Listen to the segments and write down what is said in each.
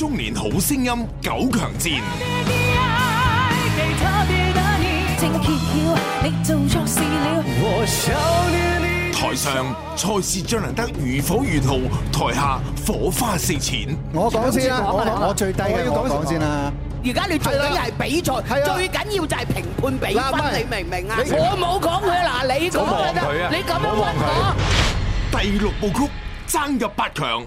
中年好聲音九強戰，台上賽事進行得如火如荼，台下火花四濺。我講先我，我最低要求講先啦，啊。而家你最緊要係比賽，啊，最緊要就係評判比分，是你明唔明啊？你我冇講佢，嗱你講佢得，你咁，啊，樣講第六部曲，爭入八強。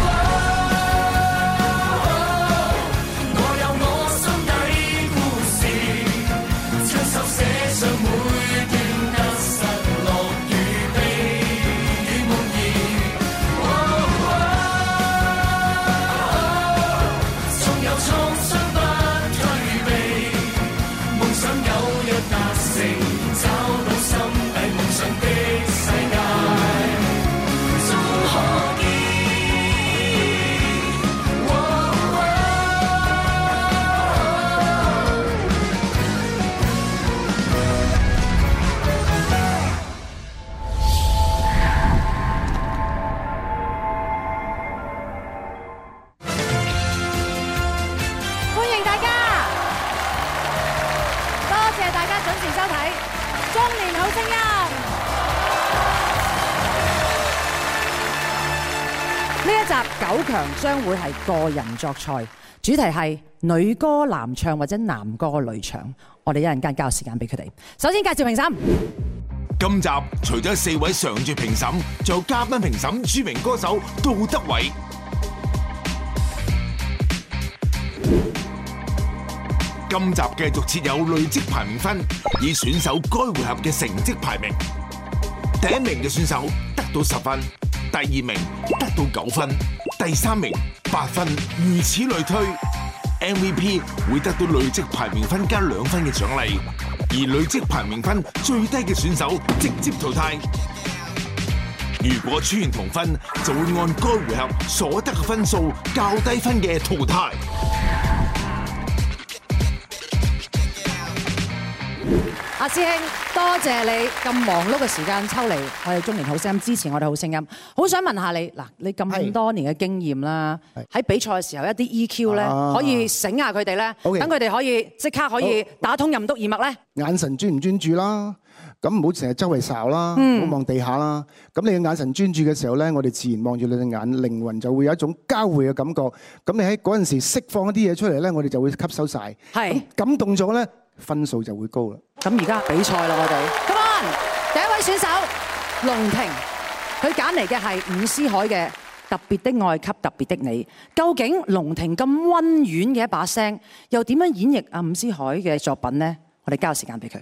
九強將會係個人作賽，主題係女歌男唱或者男歌女唱。我哋一陣間交流時間俾佢哋。首先介紹評審。今集除咗四位常駐評審，仲有嘉賓評審著名歌手杜德偉。今集繼續設有累積排名分，以選手該回合嘅成績排名。第一名嘅選手得到十分。第二名得到九分，第三名八分，如此類推。MVP 會得到累積排名分加兩分嘅獎勵，而累積排名分最低嘅選手直接淘汰。如果出現同分，就會按該回合所得嘅分數較低分嘅淘汰。阿師兄，多謝你咁忙碌嘅時間抽離我哋中年好聲音支持我哋好聲音。好想問下你，嗱，你咁多年嘅經驗啦，喺的比賽嘅時候一啲 EQ 咧，啊、可以醒下佢哋咧，等佢哋可以即刻可以打通任督二脈咧。眼神專唔專注啦，咁唔好成日周圍睄啦，唔好望地下啦。咁你嘅眼神專注嘅時候咧，我哋自然望住你隻眼，靈魂就會有一種交匯嘅感覺。咁你喺嗰陣時釋放一啲嘢出嚟咧，我哋就會吸收曬，感的動咗咧。分數就會高啦。咁而家比賽啦，我哋，Come on，第一位選手龍婷，佢揀嚟嘅係伍思凱嘅《特別的愛給特別的你》。究竟龍婷咁溫軟嘅一把聲，又點樣演繹阿伍思凱嘅作品呢？我哋交時間畀佢。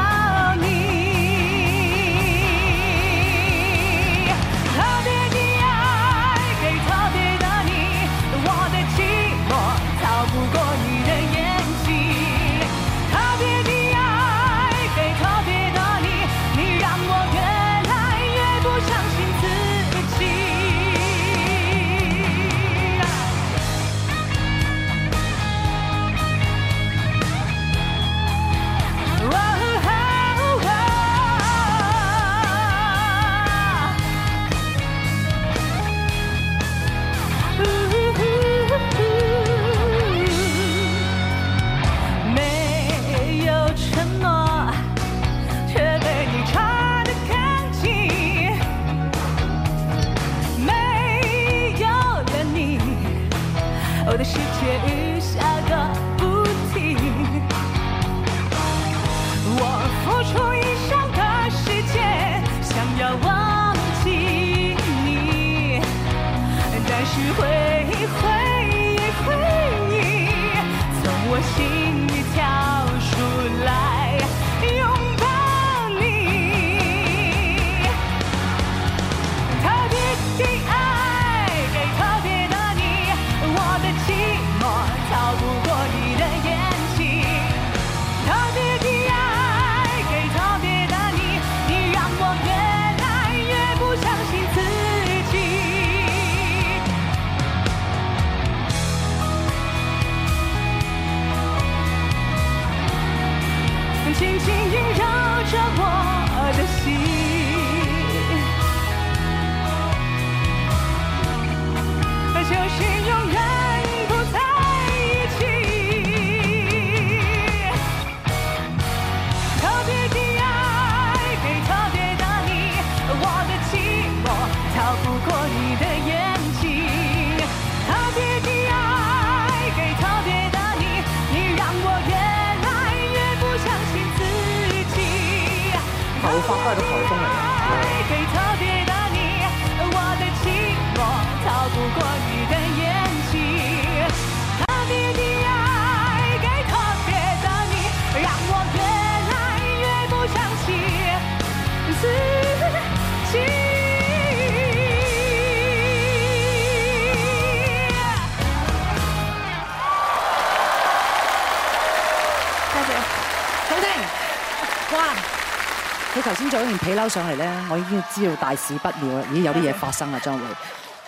做件皮褸上嚟咧，我已經知道大事不妙啦！已經有啲嘢發生啦，將會，呢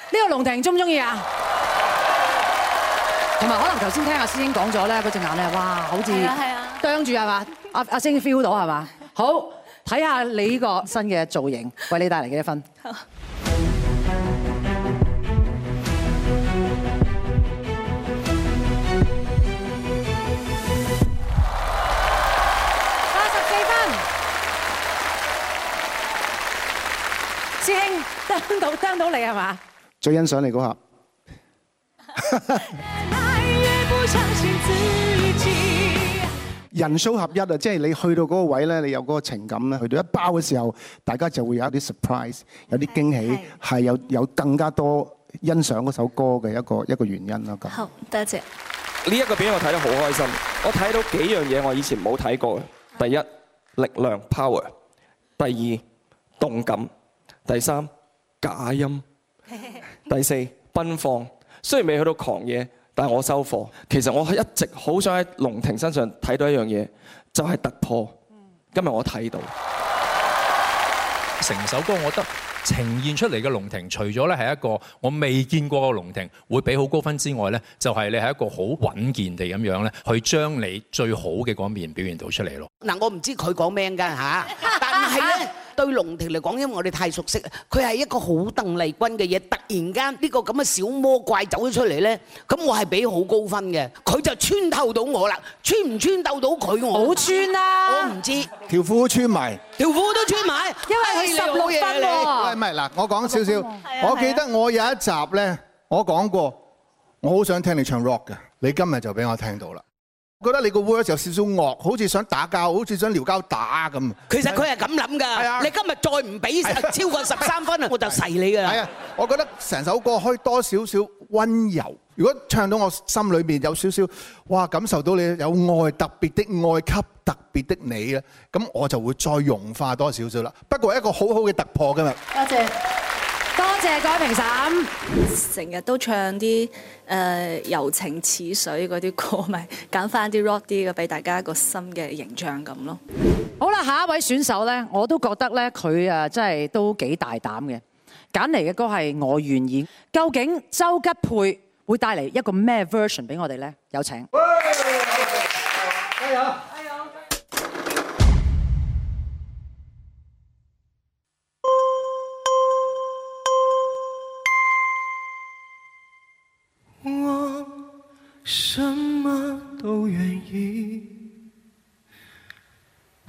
個龍婷鍾唔鍾意啊？同埋 可能頭先聽阿師兄講咗咧，嗰隻眼咧，哇，好似啄住係嘛？阿阿師兄 feel 到係嘛？好，睇下你呢個新嘅造型， 為你帶嚟幾多分。 都聽到你係嘛？最欣賞你嗰下人數合一啊，即係你去到嗰個位咧，你有嗰個情感咧。去到一包嘅時候，大家就會有一啲 surprise，有啲驚喜，係有有，有更加多欣賞嗰首歌嘅一個一個原因咯。咁好，多謝呢一個俾我睇得好開心。我睇到幾樣嘢，我以前冇睇過。第一力量 power，第二動感，第三。假音，第四 奔放，雖然未去到狂野，但係我收貨。其實我係一直好想喺龍婷身上睇到一樣嘢，就係突破。今日我睇到成首歌，我覺得呈現出嚟嘅龍婷，除咗咧係一個我未見過嘅龍婷，會俾好高分之外咧，就係你係一個好穩健地咁樣咧，去將你最好嘅嗰面表現到出嚟咯。嗱，我唔知佢講咩㗎嚇，但係咧。 對龍婷嚟講，因為我哋太熟悉，佢係一個好鄧麗君嘅嘢。突然間呢個咁嘅小魔怪走咗出嚟咧，咁我係俾好高分嘅。佢就穿透到我啦，穿唔穿透到佢我？好穿啦！我唔知條褲都穿埋，條褲都穿埋，因為佢十六分喎。喂，唔係嗱，我講少少。我記得我有一集咧，我講過，我好想聽你唱 rock 嘅，你今日就俾我聽到啦。覺得你個 words 有少少惡，好似想打交，好似想撩交打咁。其實佢係咁諗㗎。你今日再唔俾超過十三分啊，我就蝕你啦。係啊，我覺得成首歌可以多少少溫柔。如果唱到我心裏面有少少哇，感受到你有愛，特別的愛給特別的你咧，咁我就會再融化多少少啦。不過係一個好好嘅突破㗎嘛。多謝。多謝各位評審。成日都唱啲誒柔情似水嗰啲歌，咪揀翻啲 rock 啲嘅俾大家一個新嘅形象咁咯。好啦，下一位選手呢，我都覺得呢，佢誒真係都幾大膽嘅，揀嚟嘅歌係《我願意》。究竟周吉佩會帶嚟一個咩 version 俾我哋呢？有請。加油。加油。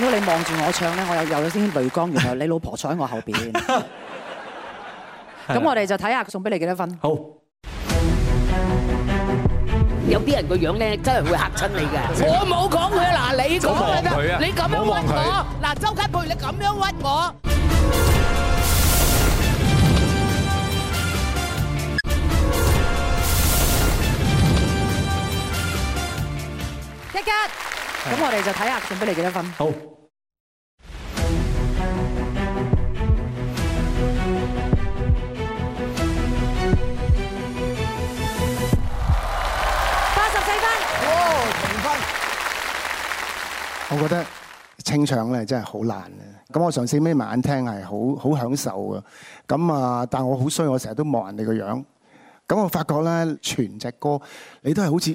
如果你望住我唱咧，我又又有先啲淚光。原來你老婆坐喺我後邊。咁我哋就睇下送俾你幾多分。好。有啲人個樣咧真係會嚇親你嘅。我冇講佢，嗱，你講佢啫。你咁樣屈我，嗱，周吉佩你咁樣屈我。得嘅。咁我哋就睇下送俾你幾多分。好。八十四分。哇！重分。我覺得清唱咧真係好難咧。咁我上次眯埋眼聽係好好享受㗎。咁啊，但我好衰，我成日都望人哋個樣。咁我發覺咧，全隻歌你都係好似。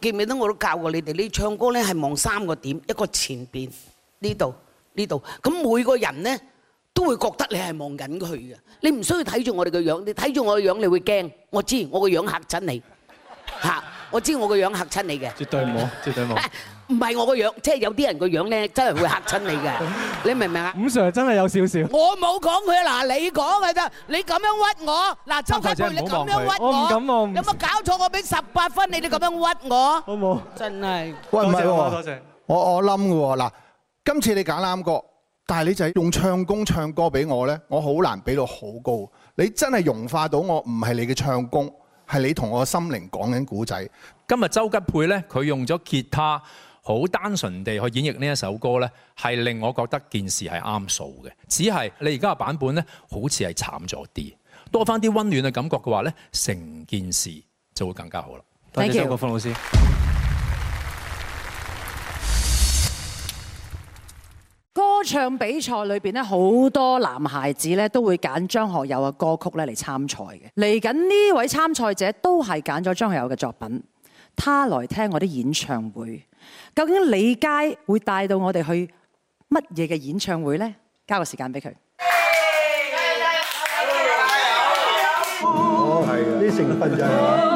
記唔記得我都教過你哋，你唱歌咧係望三個點，一個前邊，呢度，呢度，咁每個人咧都會覺得你係望緊佢嘅，你唔需要睇住我哋嘅樣，你睇住我嘅樣，你會驚，我知我個樣嚇親你，嚇，我知我個樣嚇親你嘅。絕對冇，絕對冇。唔係我個樣，即係有啲人個樣咧，真係會嚇親你嘅， 你明唔明啊？五 Sir 真係有少少，我冇講佢，嗱，你講嘅啫，你咁樣屈我，嗱，周吉佩你咁樣屈我，我有冇搞錯？我俾十八分，你哋咁樣屈我，好冇？真係，喂，唔係多謝我我冧嘅喎，嗱今次你揀啱個，但係你就係用唱功唱歌俾我咧，我好難俾到好高。你真係融化到我，唔係你嘅唱功，係你同我嘅心靈講緊古仔。今日周吉佩咧，佢用咗吉他。好單純地去演繹呢一首歌咧，係令我覺得件事係啱數嘅。只係你而家嘅版本咧，好似係慘咗啲，多翻啲溫暖嘅感覺嘅話咧，成件事就會更加好啦。多 Thank you. 謝郭峰老師。歌唱比賽裏邊咧，好多男孩子咧都會揀張學友嘅歌曲咧嚟參賽嘅。嚟緊呢位參賽者都係揀咗張學友嘅作品。他來聽我啲演唱會，究竟李佳會帶到我哋去乜嘢嘅演唱會呢？交個時間俾佢。哦，係嘅，啲成分就係話。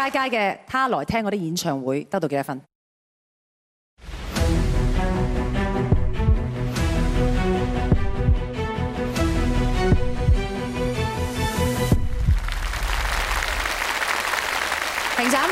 街街嘅他來聽我啲演唱會得到幾多分？評審，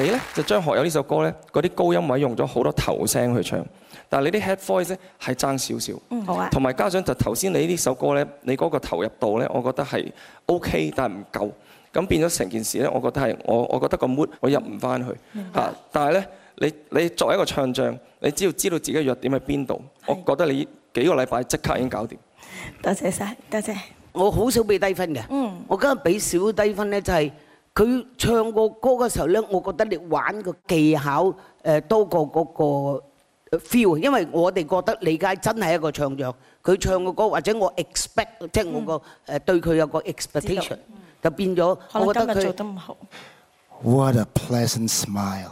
你呢？就張學友呢首歌呢，嗰啲高音位用咗好多頭聲去唱，但係你啲 head voice 呢，係爭少少。好啊。同埋加上就頭先你呢首歌呢，你嗰個投入度呢，我覺得係 OK，但係唔夠。咁變咗成件事呢，我覺得係我，我覺得個 mood 我入唔翻去嚇。但係呢，你你作為一個唱將，你只要知道自己弱點喺邊度，我覺得你幾個禮拜即刻已經搞掂。多謝晒，多謝。我好少俾低分嘅。嗯，我今日俾少低分呢，就係佢唱個歌嘅時候呢，我覺得你玩個技巧誒多過嗰個 feel。因為我哋覺得李佳真係一個唱將，佢唱個歌或者我 expect 即係我個誒對佢有個 expectation。就變咗。我覺得佢做得唔好。What a pleasant smile！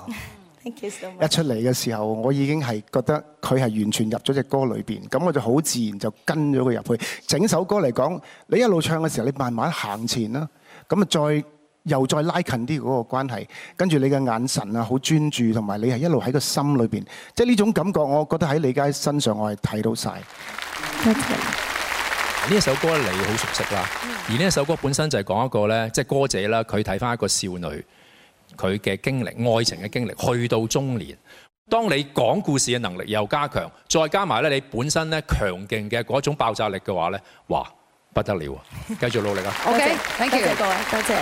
一出嚟嘅時候，我已經係覺得佢係完全入咗隻歌裏邊，咁我就好自然就跟咗佢入去。整首歌嚟講，你一路唱嘅時候，你慢慢行前啦，咁啊再又再拉近啲嗰個關係，跟住你嘅眼神啊，好專注，同埋你係一路喺個心裏邊，即係呢種感覺，我覺得喺李佳身上我係睇到晒。真嘅。呢一首歌你好熟悉啦。嗯、而呢一首歌本身就係講一個咧，即、就、係、是、歌者啦，佢睇返一個少女佢嘅經歷、愛情嘅經歷，去到中年。當你講故事嘅能力又加強，再加埋咧你本身咧強勁嘅嗰種爆炸力嘅話咧，哇，不得了啊！繼續努力啊 ！OK，thank、okay, you，多謝各位，多謝。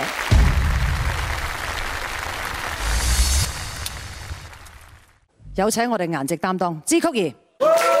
有請我哋顏值擔當，支嚳儀。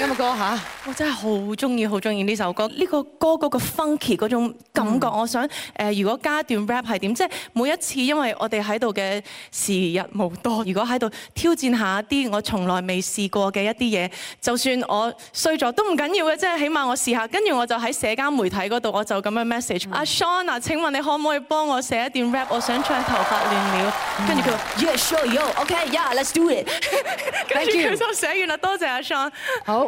呢個歌嚇，我真係好中意，好中意呢首歌。呢、這個歌嗰個 funky 嗰種感覺，嗯、我想誒、呃，如果加段 rap 係點？即係每一次，因為我哋喺度嘅時日無多，如果喺度挑戰一下一啲我從來未試過嘅一啲嘢，就算我衰咗都唔緊要嘅，即係起碼我試下。跟住我就喺社交媒體嗰度，我就咁樣 message 阿 Shaun 啊。嗯、Sean，請問你可唔可以幫我寫一段 rap？我想唱《頭髮亂了》嗯。跟住佢話 Yes, yeah, sure, yo, you、okay, yeah let's do it。 跟住佢就寫完啦，多謝阿 Sean 好。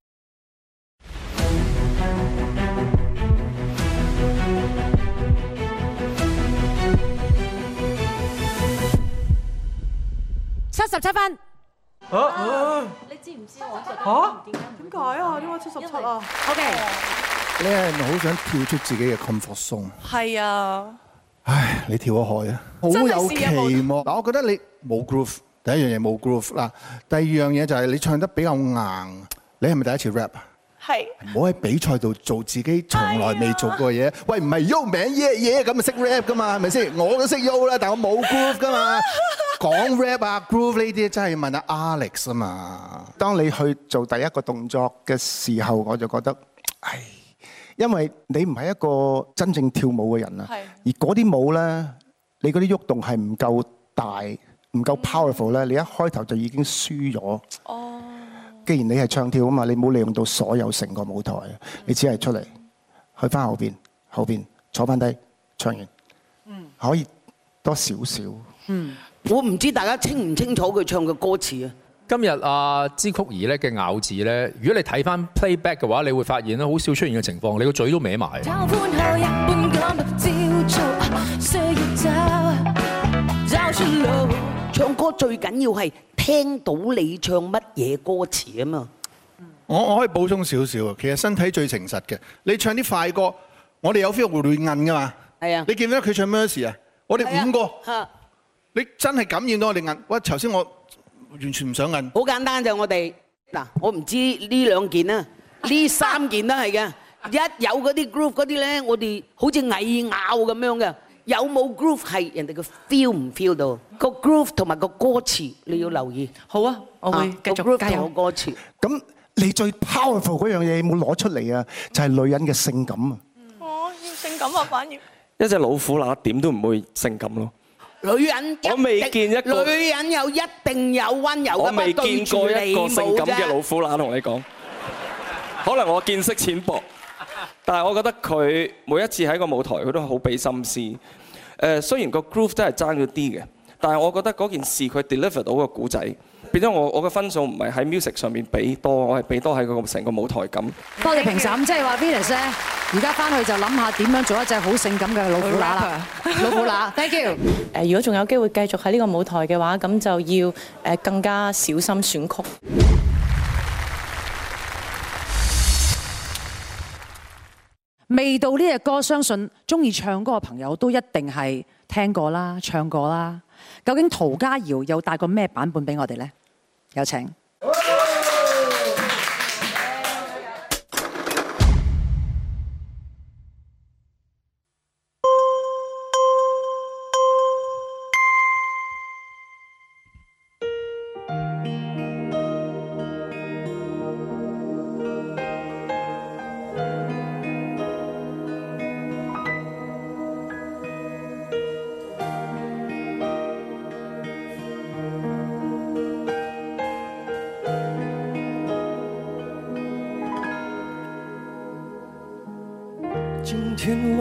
七十七分，啊啊、你知唔知我七十點解啊？點解七十七啊？O K，你係咪好想跳出自己嘅 comfort zone？係啊，唉，你跳咗海啊？好有希望。夢。嗱，我覺得你冇 groove，第一樣嘢冇 groove 啦。第二樣嘢就係你唱得比較硬。你係咪第一次 rap？唔好喺比賽度做自己從來未做過嘢。哎、呀喂，唔係喐名耶耶咁啊識 rap 噶嘛？係咪先？我都識喐 o 啦，但我冇 groove 噶嘛。講 rap 啊，groove 呢啲真係問下 Alex 啊嘛。當你去做第一個動作嘅時候，我就覺得，唉，因為你唔係一個真正跳舞嘅人啊。是而嗰啲舞咧，你嗰啲喐動係唔夠大，唔夠 powerful 咧、嗯，你一開頭就已經輸咗。哦既然你係唱跳啊嘛，你冇利用到所有成個舞台，嗯、你只係出嚟去翻後邊，後邊坐翻低唱完，可以多少少。嗯，我唔知大家清唔清楚佢唱嘅歌詞、嗯、天啊。今日阿支曲兒咧嘅咬字咧，如果你睇翻 playback 嘅話，你會發現咧好少出現嘅情況，你個嘴都歪埋。照照唱歌最緊要係聽到你唱乜嘢歌詞啊嘛！我我可以補充少少啊，其實身體最誠實嘅。你唱啲快歌，我哋有 feel 會亂韌嘅嘛。係啊，你記唔記得佢唱 Mercy 啊？我哋五個嚇，你真係感染到我哋韌。喂，頭先我完全唔想韌。好簡單就我哋嗱，我唔知呢兩件啦，呢三件都係嘅。一有嗰啲 group 嗰啲咧，我哋好似蟻咬咁樣嘅。有冇 groove 係人哋嘅 feel 唔 feel 到？個 groove 同埋個歌詞你要留意。好啊，我會繼續加入歌詞。咁你最 powerful 嗰樣嘢有冇攞出嚟啊？就係女人嘅性感啊！我要性感啊！反而一隻老虎乸點都唔會性感咯。女人，我未見一個女人有一定有溫柔咁樣對住你啫。我未見過一個性感嘅老虎乸同你講，可能我見識淺薄。但係我覺得佢每一次喺個舞台佢都好俾心思，誒，雖然個 groove 真係爭咗啲嘅，但係我覺得嗰件事佢 deliver 到個古仔，變咗我我嘅分數唔係喺 music 上面俾多，我係俾多喺個成個舞台感。多謝評審，即係話 Viness 呢而家返去就諗下點樣做一隻好性感嘅老虎乸啦，老虎乸，thank you。誒，謝謝，如果仲有機會繼續喺呢個舞台嘅話，咁就要誒，更加小心選曲。未到呢隻歌，相信鍾意唱歌嘅朋友都一定係聽過啦、唱過啦。究竟涂家堯有帶過咩版本俾我哋呢？有請。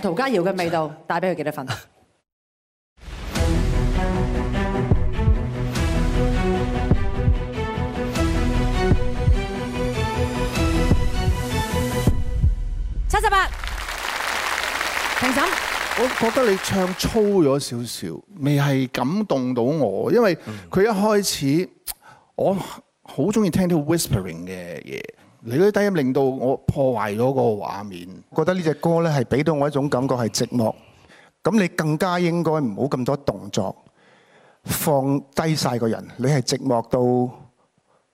涂家堯嘅味道，帶俾佢幾多分？七十八，同錦。我覺得你唱得粗咗少少，未係感動到我，因為佢一開始我好中意聽啲 whispering 嘅嘢。你嗰啲低音令到我破壞咗個畫面，覺得呢隻歌呢，係俾到我一種感覺係寂寞。咁你更加應該唔好咁多動作，放低晒個人。你係寂寞到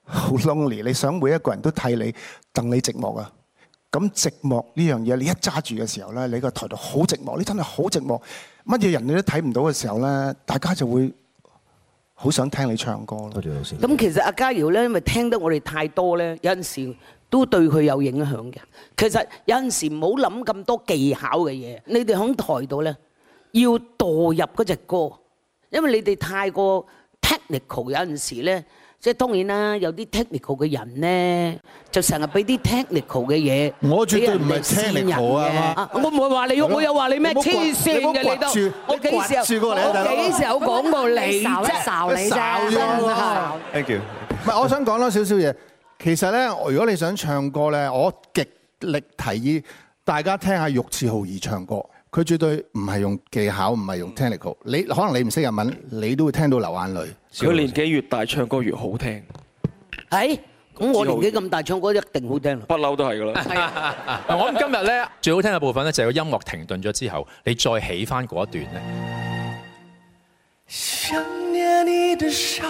好 lonely，你想每一個人都你替你等你寂寞啊？咁寂寞呢樣嘢，你一揸住嘅時候呢，你個台度好寂寞，你真係好寂寞，乜嘢人你都睇唔到嘅時候呢，大家就會。好想聽你唱歌咯，多謝老師。咁其實阿嘉瑤呢，因為聽得我哋太多呢，有陣時都對佢有影響嘅。其實有陣時唔好諗咁多技巧嘅嘢，你哋響台度呢，要墮入嗰隻歌，因為你哋太過 technical，有陣時呢。即係當然啦，有啲 technical 嘅人咧，就成日俾啲 technical 嘅嘢，俾人嚟黐人嘅。我絕對唔係 technical 啊，我唔會話你，我有話你咩黐線嘅，你冇擱住，你擱住過嚟啊！我幾時有講過你？即係鬧你啫。Thank you。唔係，我想講多少少嘢。其實咧，如果你想唱歌咧，我極力提議大家聽下玉置浩二唱歌。佢絕對唔係用技巧，唔係用 technical。嗯、你可能你唔識日文，嗯、你都會聽到流眼淚。佢年紀越大，唱歌越好聽。係，咁我年紀咁大，豪唱歌一定好聽。不嬲都係㗎啦。的 我諗今日咧，最好聽嘅部分咧，就係個音樂停頓咗之後，你再起翻嗰一段咧。想念你的手，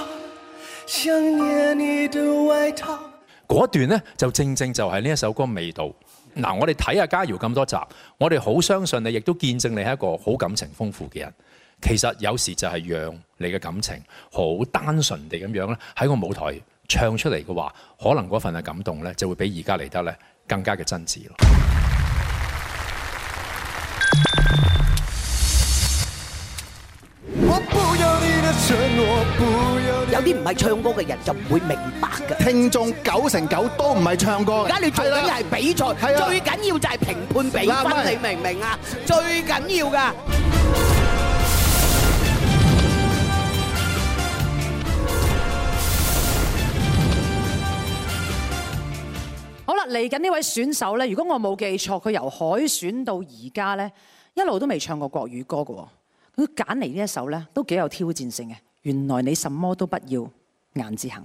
想念你的外套。嗰段咧就正正就係呢一首歌的味道。嗱，我哋睇下家堯咁多集，我哋好相信你，亦都見證你係一個好感情豐富嘅人。其實有時就係讓你嘅感情好單純地咁樣咧，喺個舞台唱出嚟嘅話，可能嗰份嘅感動咧，就會比而家嚟得咧，更加嘅真摯咯。有啲唔係唱歌嘅人就唔會明白㗎。聽眾九成九都唔係唱歌。而家你最緊要係比賽，最緊要就係評判比分，你明唔明啊？最緊要噶。好啦，嚟緊呢位選手咧，如果我冇記錯，佢由海選到而家咧，一路都未唱過國語歌噶。佢揀嚟呢一首呢，都幾有挑戰性嘅。原來你什麼都不要，顏志恒。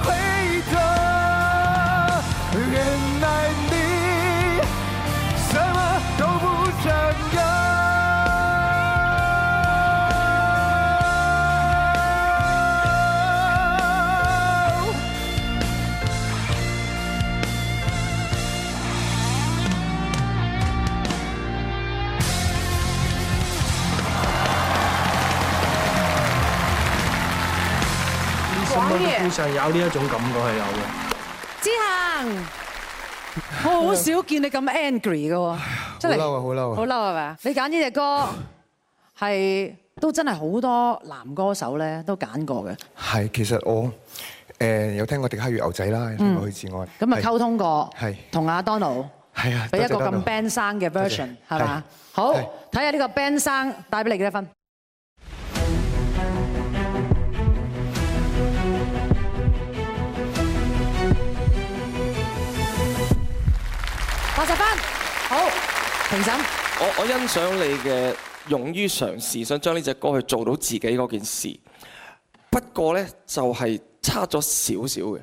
通常有呢一種感覺係有嘅。志恒，我好少見你咁 angry 嘅喎。真係。好嬲啊！好嬲啊！好嬲係咪啊？你揀呢隻歌係都真係好多男歌手咧都揀過嘅。係，其實我誒有聽過《迪克月牛仔》啦，《去自愛》。嗯。咁啊溝通過。係。同阿 Donald。係啊。俾一個咁 band 聲嘅 version 係嘛？好，睇下呢個 band 聲帶俾你幾多分？八十分，好，評審。我我欣賞你嘅勇於嘗試，想將呢隻歌去做到自己嗰件事。不過咧，就係差咗少少嘅。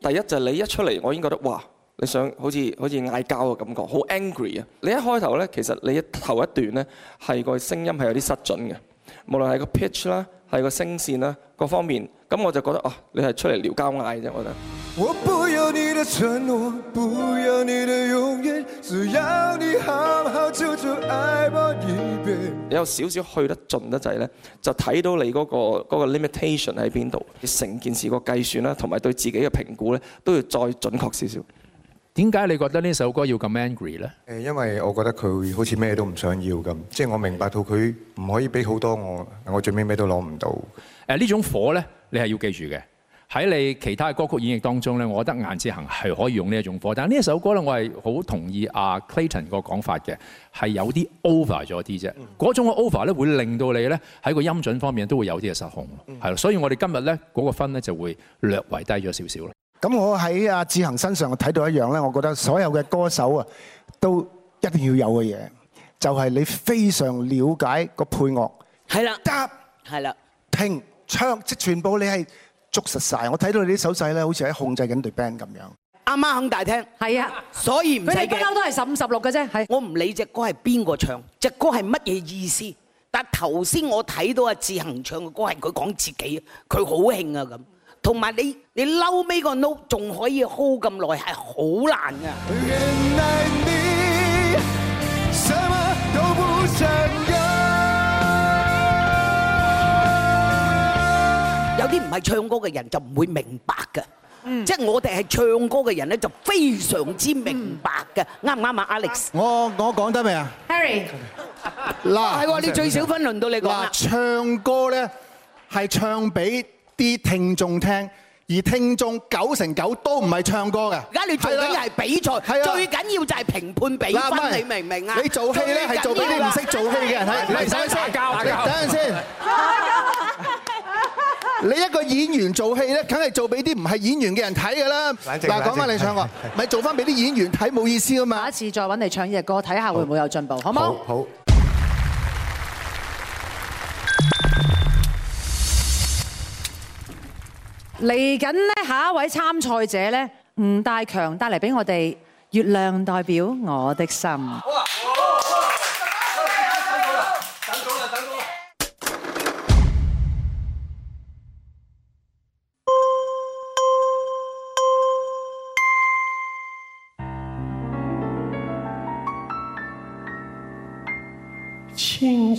第一就係你一出嚟，我已經覺得哇，你想好似好似嗌交嘅感覺，好 angry 啊！你一開頭咧，其實你一頭一段咧，係個聲音係有啲失準嘅，無論係個 pitch 啦，係個聲線啦，各方面。咁我就覺得哦，你係出嚟撩交嗌啫，我覺得。有少少去得盡得滯咧，就睇到你嗰個嗰個 limitation 喺邊度，你成件事個計算啦，同埋對自己嘅評估咧，都要再準確少少。點解你覺得呢首歌要咁 angry 咧？誒，因為我覺得佢好似咩都唔想要咁，即係我明白到佢唔可以俾好多我，我最尾咩都攞唔到。誒，呢種火咧，你係要記住嘅。喺你其他嘅歌曲演繹當中咧，我覺得顏志恒係可以用呢一種歌，但係呢一首歌咧，我係好同意阿 Clayton 個講法嘅，係有啲 over 咗啲啫。嗰、嗯、種嘅 over 咧，會令到你咧喺個音準方面都會有啲嘅失控咯，係咯、嗯。所以我哋今日咧嗰個分咧就會略為低咗少少啦。咁我喺阿志恒身上睇到一樣咧，我覺得所有嘅歌手啊都一定要有嘅嘢，就係、是、你非常了解個配樂，係啦，答，係啦，停，唱，即係全部你係。捉實晒，我睇到你啲手勢咧，好似喺控制緊對 band 咁樣。啱啱肯大聽，係啊的，所以唔使嬲都係十五十六嘅啫，係。我唔理隻歌係邊個唱，隻歌係乜嘢意思。但頭先我睇到阿志恆唱嘅歌係佢講自己，佢好興啊咁。同埋你你嬲尾個 note 仲可以 hold 咁耐係好難嘅。有啲唔係唱歌嘅人就唔會明白嘅，即係我哋係唱歌嘅人咧就非常之明白嘅，啱唔啱啊，Alex？我我講得未啊，Harry？嗱，係喎，你最少分輪到你講啦。唱歌咧係唱俾啲聽眾聽，而聽眾九成九都唔係唱歌嘅。而家你做緊嘅係比賽，最緊要就係評判比分，你明唔明啊？你做戲咧係做俾啲唔識做戲嘅人睇，嚟你唔使先，等陣先。你一個演員做戲咧，梗係做俾啲唔係演員嘅人睇㗎啦。嗱，講翻你唱歌，咪做翻俾啲演員睇冇意思啊嘛。下次再揾你唱嘅歌，睇下會唔會有進步，好冇？好。嚟緊咧，下一位參賽者咧，吳大強帶嚟俾我哋《月亮代表我的心》。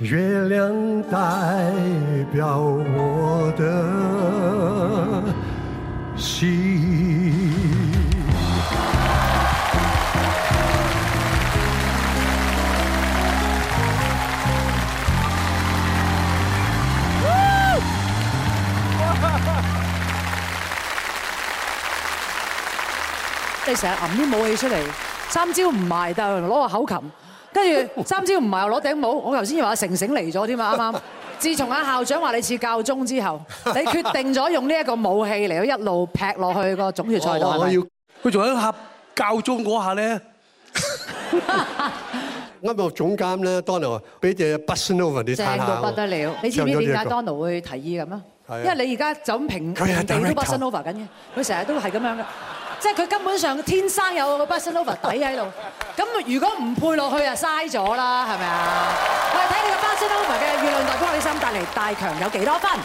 月亮代表我的心。你成日暗家撳啲武器出嚟，三招唔埋但攞個口琴。跟住三招唔係又攞頂帽，我頭先要話成成嚟咗添啊！啱啱，自從阿校長話你似教宗之後，你決定咗用呢一個武器嚟到一路劈落去個總決賽度係咪？佢仲喺合教宗嗰下咧，啱到總監咧，Donal 俾隻 Bossa Nova 你睇下，正到不得了！你知唔知點解 Donal 會提議咁啊？因為你而家就咁平平地都 Bossa Nova 緊嘅，佢成日都係咁樣嘅。即係佢根本上天生有個 Bossa Nova 底喺度，咁如果唔配落去啊嘥咗啦，係咪啊？我哋睇你個 Bossa Nova 嘅《月亮代表我的心》帶嚟，大強有幾多分？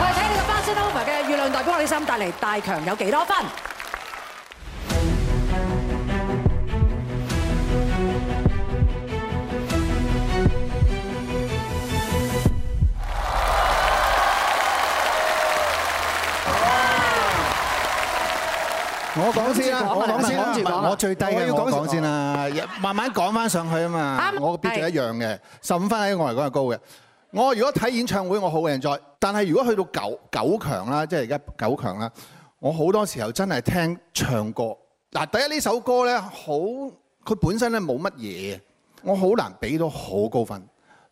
我哋睇你個 Bossa Nova 嘅《月亮代表我的心》帶嚟，大強有幾多分？我講先啦，我講先啦，我最低嘅要講先啦，慢慢講翻上去啊嘛。我個標準一樣嘅，十五分喺我嚟講係高嘅。我如果睇演唱會，我好嘅人在，但係如果去到九九強啦，即係而家九強啦。我好多時候真係聽唱歌嗱，第一呢首歌咧，好佢本身咧冇乜嘢，我好難俾到好高分，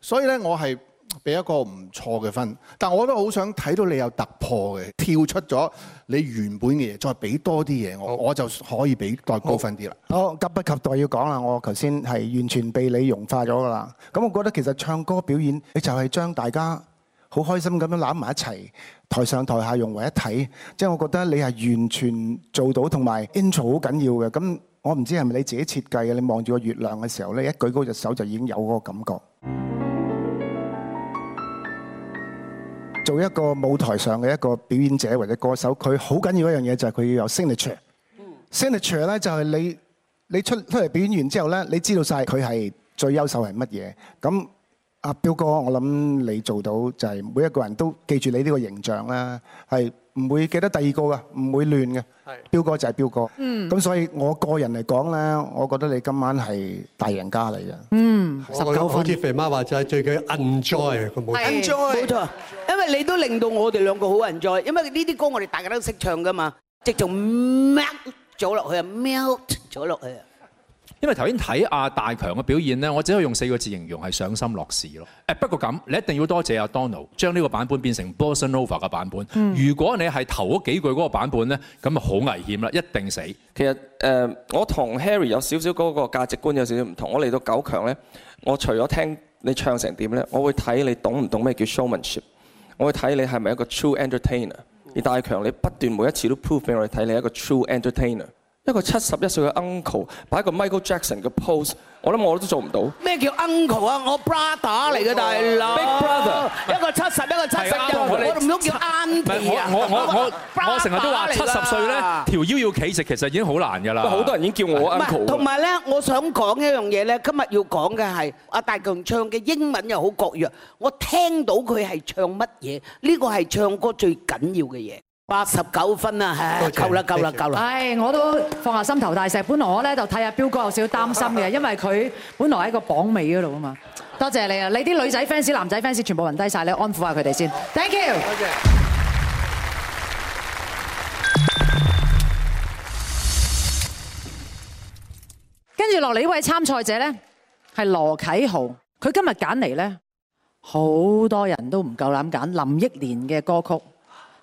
所以咧我係俾一個唔錯嘅分，但我都好想睇到你有突破嘅，跳出咗你原本嘅嘢，再俾多啲嘢，我好我就可以俾再高分啲啦。好，急不及待要講啦，我頭先係完全被你融化咗噶啦。咁我覺得其實唱歌表演，你就係將大家。好開心咁樣攬埋一齊，台上台下融為一體，即係我覺得你係完全做到，同埋 intro 好緊要嘅。咁我唔知係咪你自己設計嘅？你望住個月亮嘅時候咧，一舉高隻手就已經有嗰個感覺。嗯、做一個舞台上嘅一個表演者或者歌手，佢好緊要一樣嘢就係佢要有 signature。signature 咧、嗯、就係你你出出嚟表演完之後咧，你知道曬佢係最優秀係乜嘢咁。阿彪哥，我諗你做到就係每一個人都記住你呢個形象啦，係唔會記得第二個嘅，唔會亂嘅。彪哥就係彪哥。嗯。咁所以我個人嚟講咧，我覺得你今晚係大贏家嚟嘅。嗯，十九分。好似肥媽話就係最緊要 enjoy，佢冇 enjoy。冇錯，因為你都令到我哋兩個好 enjoy，因為呢啲歌我哋大家都識唱㗎嘛，直情 mel 咗落去啊，mel 咗落去。因為頭先睇阿大強嘅表現咧，我只可以用四個字形容係上心落事咯。不過咁，你一定要多謝阿 Donald 將呢個版本變成 Bossa Nova 嘅版本。嗯、如果你係頭嗰幾句嗰個版本咧，咁啊好危險啦，一定死。其實、呃、我同 Harry 有少少嗰個價值觀有少少唔同。我嚟到九強咧，我除咗聽你唱成點咧，我會睇你懂唔懂咩叫 showmanship，我會睇你係咪一個 true entertainer，嗯。而大強你不斷每一次都 prove 俾我哋睇，你係一個 true entertainer。一個七十一歲嘅 uncle 擺一個 Michael Jackson 嘅 pose，我諗我都做唔到。咩叫 uncle 啊？我 brother 嚟嘅大佬。Big brother，一個七十，一個七十，我唔通叫啱啲啊？我我我我我成日都話七十歲咧，條腰要企直，其實已經好難㗎啦。好多人已經叫我 uncle。同埋咧，我想講一樣嘢咧，今日要講嘅係阿大強唱嘅英文又好國語，我聽到佢係唱乜嘢？呢個係唱歌最緊要嘅嘢。八十九分啊，吓，夠啦，夠啦，夠啦！唉，我都放下心頭大石。本來我咧就睇阿彪哥有少少擔心嘅，因為佢本來喺個榜尾嗰度啊嘛。多謝你啊，你啲女仔 fans、男仔 fans 全部暈低晒，你安撫下佢哋先。Thank you，多謝。跟住落嚟呢位參賽者咧，係羅啟豪。佢今日揀嚟咧，好多人都唔夠膽揀林憶蓮嘅歌曲。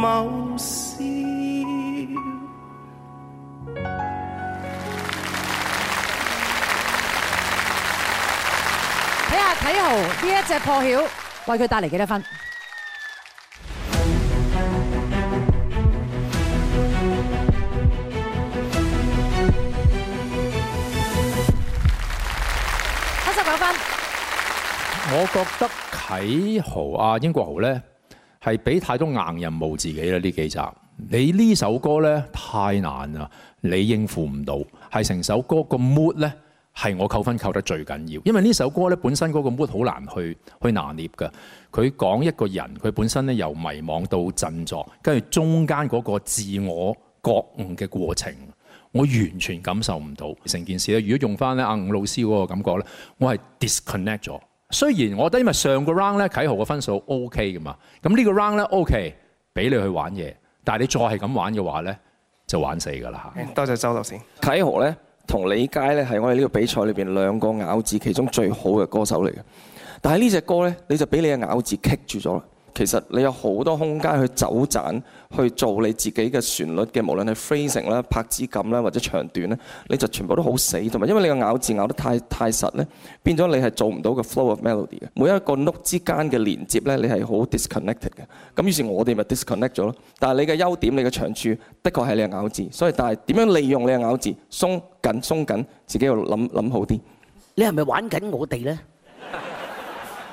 某事。睇下啟豪呢一隻破曉，為佢帶嚟幾多分？七十九分。我覺得啟豪啊，英國豪呢。係俾太多硬任務自己啦，呢幾集你呢首歌呢，太難啦，你應付唔到。係成首歌個 mood 呢，係我扣分扣得最緊要，因為呢首歌呢，本身嗰個 mood 好難去去拿捏㗎。佢講一個人，佢本身呢由迷惘到振作，跟住中間嗰個自我覺悟嘅過程，我完全感受唔到成件事咧。如果用翻呢阿吳老師嗰個感覺呢，我係 disconnect 咗。雖然我覺得因為上個 round 咧啟豪個分數 OK 㗎嘛，咁呢個 round 咧 OK 俾你去玩嘢，但係你再係咁玩嘅話咧就玩死㗎啦嚇。多謝周導師。啟豪咧同李佳咧係我哋呢個比賽裏面兩個咬字其中最好嘅歌手嚟嘅，但係呢隻歌咧你就俾你嘅咬字棘住咗。其實你有好多空間去走盞，去做你自己嘅旋律嘅，無論係 phrasing 啦、拍子感啦或者長短咧，你就全部都好死，同埋因為你個咬字咬得太太實咧，變咗你係做唔到個 flow of melody 嘅，每一個 note 之間嘅連接咧，你係好 disconnected 嘅。咁於是，我哋咪 disconnect 咗咯。但係你嘅優點，你嘅長處，的確係你嘅咬字。所以，但係點樣利用你嘅咬字？鬆緊鬆緊，自己要諗諗好啲。你係咪玩緊我哋咧？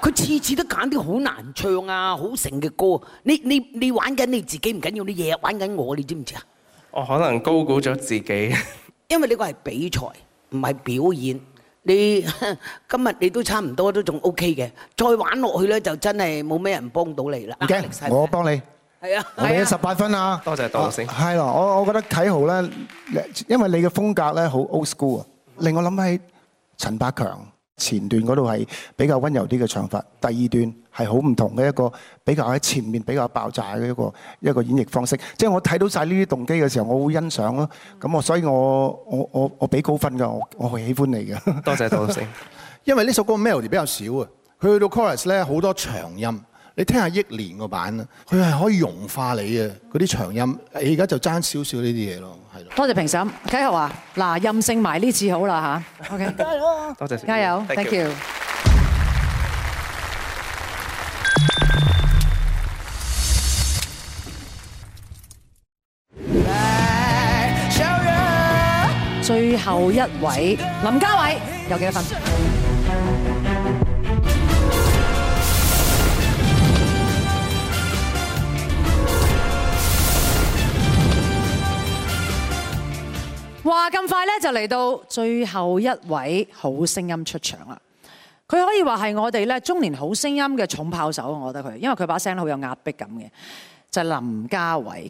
佢次次都揀啲好難唱啊、好成嘅歌。你你你玩緊你自己唔緊要，你日日玩緊我，你知唔知啊？我可能高估咗自己。因為呢個係比賽，唔係表演。你今日你都差唔多都仲 OK 嘅，再玩落去咧就真係冇咩人幫到你啦。唔驚，我幫你。係啊，我哋有十八分啦。多謝，多謝先。係咯，我我覺得啟豪咧，因為你嘅風格咧好 old school 啊，令我諗起陳百強。前段嗰度係比較溫柔啲嘅唱法，第二段係好唔同嘅一個比較喺前面比較爆炸嘅一個一個演繹方式。即係我睇到晒呢啲動機嘅時候，我會欣賞咯。咁、嗯、我所以我我我我俾高分噶，我我係喜歡你嘅。 多謝多謝 因為呢首歌的 melody 比較少啊，佢去到 chorus 咧好多長音。你聽下憶蓮個版啦，佢係可以融化你嘅嗰啲長音，你而家就爭少少呢啲嘢咯，係咯。多謝評審，啟豪啊，嗱，任性埋呢次好啦嚇。OK，加油，多謝，加油，Thank you。最後一位林鉫徫有幾多分？話咁快呢，就嚟到最後一位好聲音出場啦！佢可以話係我哋呢中年好聲音嘅重炮手，我覺得佢，因為佢把聲好有壓迫感嘅，就係林鉫徫。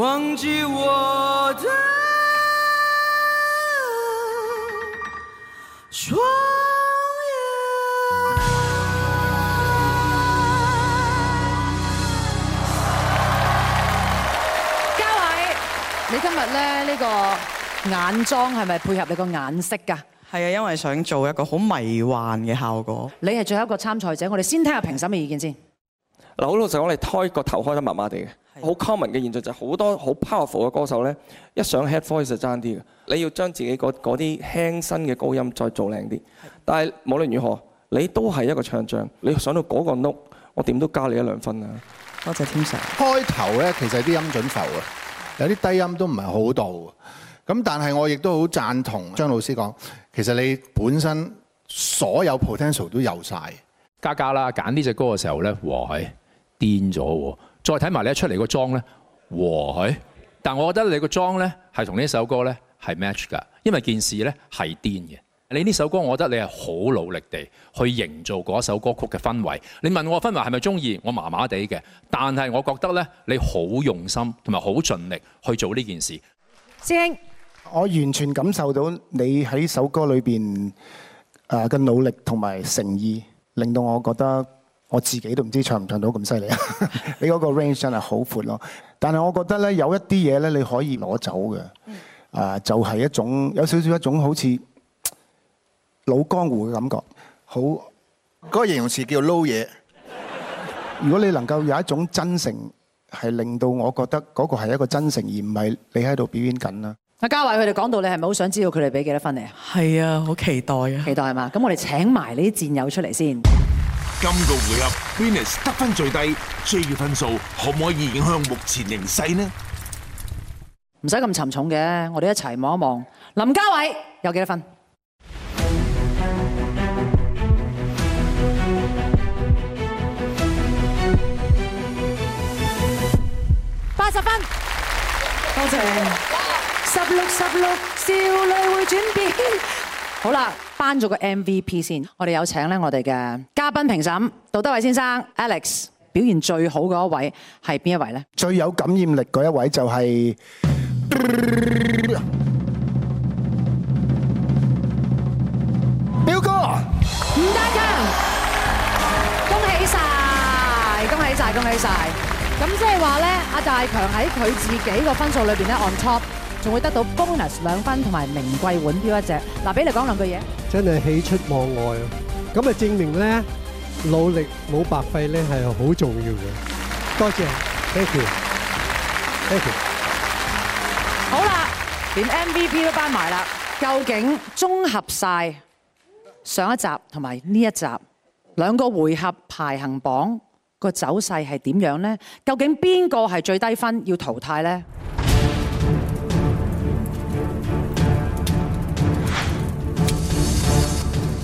忘記我的雙眼。鉫徫，你今日咧呢個眼妝係咪配合你個眼色噶？係啊，因為想做一個好迷幻嘅效果。你係最後一個參賽者，我哋先聽下評審嘅意見先。嗱，好老實講，你開個頭開得麻麻哋嘅。好 common 嘅現象就係好多好 powerful 嘅歌手咧，一上 head voice 就爭啲嘅。你要將自己嗰啲輕身嘅高音再做靚啲。但係無論如何，你都係一個唱將。你上到嗰個 note，我點都加你一兩分啊！多謝，謝天神。開頭咧，其實啲音準浮啊，有啲低音都唔係好到。咁但係我亦都好贊同張老師講，其實你本身所有 potential 都有晒，加加啦，揀呢隻歌嘅時候咧，哇係癲咗喎！再睇埋你一出嚟個妝咧，哇！但係我覺得你個妝咧係同呢首歌咧係 match 㗎，因為件事咧係癲嘅。你呢首歌，我覺得你係好努力地去營造嗰首歌曲嘅氛圍。你問我氛圍係咪中意，我麻麻地嘅。但係我覺得咧，你好用心同埋好盡力去做呢件事。師兄，我完全感受到你喺首歌裏邊誒嘅努力同埋誠意，令到我覺得。我自己都唔知唱唔唱到咁犀利啊！你嗰個 range 真係好闊咯。但係我覺得呢，有一啲嘢呢，你可以攞走嘅。啊，就係一種有少少一種好似老江湖嘅感、嗯啊就是、感覺，好嗰個形容詞叫撈嘢。如果你能夠有一種真誠，係令到我覺得嗰個係一個真誠，而唔係你喺度表演緊啦。阿鉫徫佢哋講到你，你係咪好想知道佢哋俾幾多分你啊？係啊，好期待啊！期待係嘛？咁我哋請埋你啲戰友出嚟先。今個回合，Venus 得分最低，追嘅分數可唔可以影響目前形勢呢？唔使咁沉重嘅，我哋一齊望一望。林鉫徫有幾多分？八十分。多謝。十六十六，少女會轉變。好啦。頒咗個 MVP 先，我哋有請咧我哋嘅嘉賓評審杜德偉先生 Alex 表現最好嗰一位係邊一位呢？最有感染力嗰一位就係、是、表哥吳大強，恭喜晒，恭喜晒，恭喜晒！咁即係話咧，阿大強喺佢自己個分數裏邊咧 on top，仲會得到 bonus 兩分同埋名貴腕錶一隻。嗱，俾你講兩句嘢。真係喜出望外啊！咁啊，證明咧努力冇白費咧，係好重要嘅。多謝，thank you，thank you。好啦，連 MVP 都包埋啦。究竟綜合曬上一集同埋呢一集兩個回合排行榜個走勢係點樣咧？究竟邊個係最低分要淘汰咧？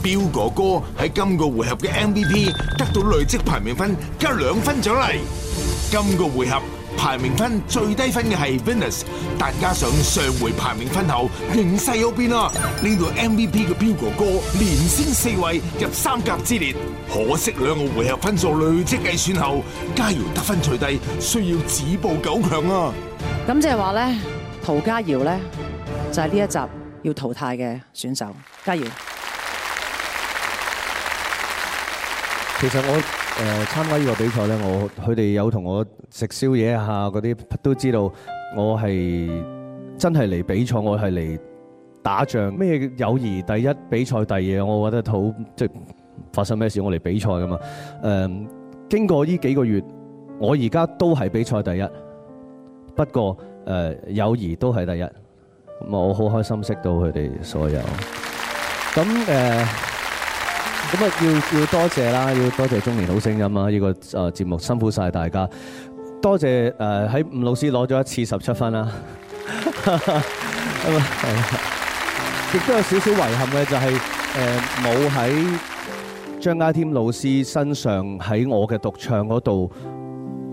彪哥哥喺今個回合嘅 MVP 得到累積排名分加兩分獎勵。今個回合排名分最低分嘅係 Venus，但加上上回排名分後形勢有變啊，令到 MVP 嘅彪哥哥連升四位入三甲之列。可惜兩個回合分數累積計算後，家堯得分最低，需要止步九強啊。咁即係話咧，涂家堯咧就係呢一集要淘汰嘅選手，家堯。其實我誒參加呢個比賽咧，佢哋有同我食宵夜下嗰啲都知道我係真係嚟比賽，我係嚟打仗。咩友誼第一，比賽第二，我覺得好即係發生咩事，我嚟比賽噶嘛。誒，經過呢幾個月，我而家都係比賽第一，不過誒友誼都係第一。咁我好開心識到佢哋所有。咁誒。咁要要多謝啦，要多謝中年好聲音啊！呢、這個誒節目辛苦晒大家，多謝誒喺吳老師攞咗一次十七分啦。亦 都、嗯呃、有少少遺憾嘅、就是，就係誒冇喺張家添老師身上喺我嘅獨唱嗰度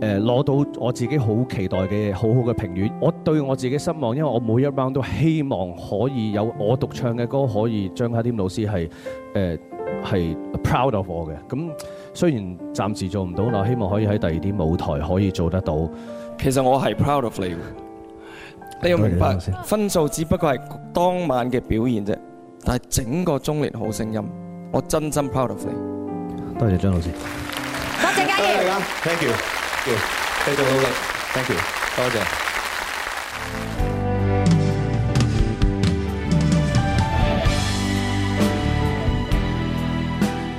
誒攞到我自己好期待嘅好好嘅評語。我對我自己失望，因為我每一 round 都希望可以有我獨唱嘅歌可以張家添老師係誒。呃係 proud of 我嘅，咁雖然暫時做唔到啦，但希望可以喺第二啲舞台可以做得到。其實我係 proud of 你，你要明白分數只不過係當晚嘅表現啫，但係整個中年好聲音，我真心 proud of 你。多謝張老師，多謝嘉儀，thank you，繼續努力，thank you，多謝。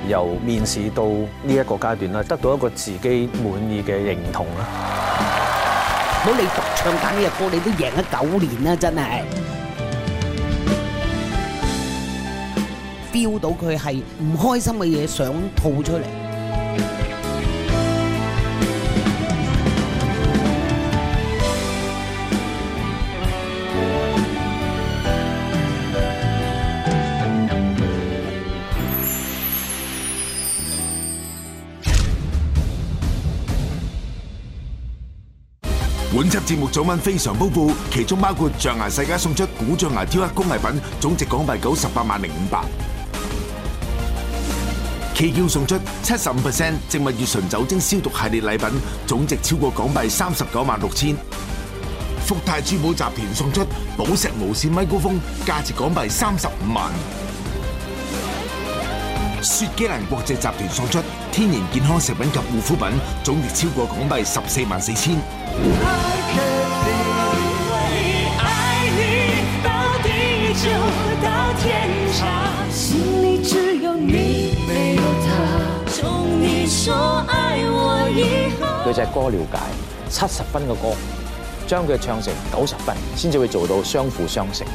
由面試到呢一個階段啦，得到一個自己滿意嘅認同啦。好，你獨唱緊呢隻歌，你都贏咗九年啦，真係 feel 到佢係唔開心嘅嘢，想吐出嚟。本輯節目獎品非常豐富，其中包括象牙世家送出古象牙雕刻工藝品，總值港幣九十八萬零五百；旗叫送出七十五%植物乙醇酒精消毒系列禮品，總值超過港幣三十九萬六千；福泰珠寶集團送出寶石無線咪高峰，價值港幣三十五萬。雪肌蘭國際集團送出天然健康食品及護膚品，總值超過港幣十四萬四千。愛你到底久到天長，心裏只有你沒有他。從你說愛我以後。佢就係歌了解，七十分嘅歌，將佢唱成九十分，先至會做到相輔相成。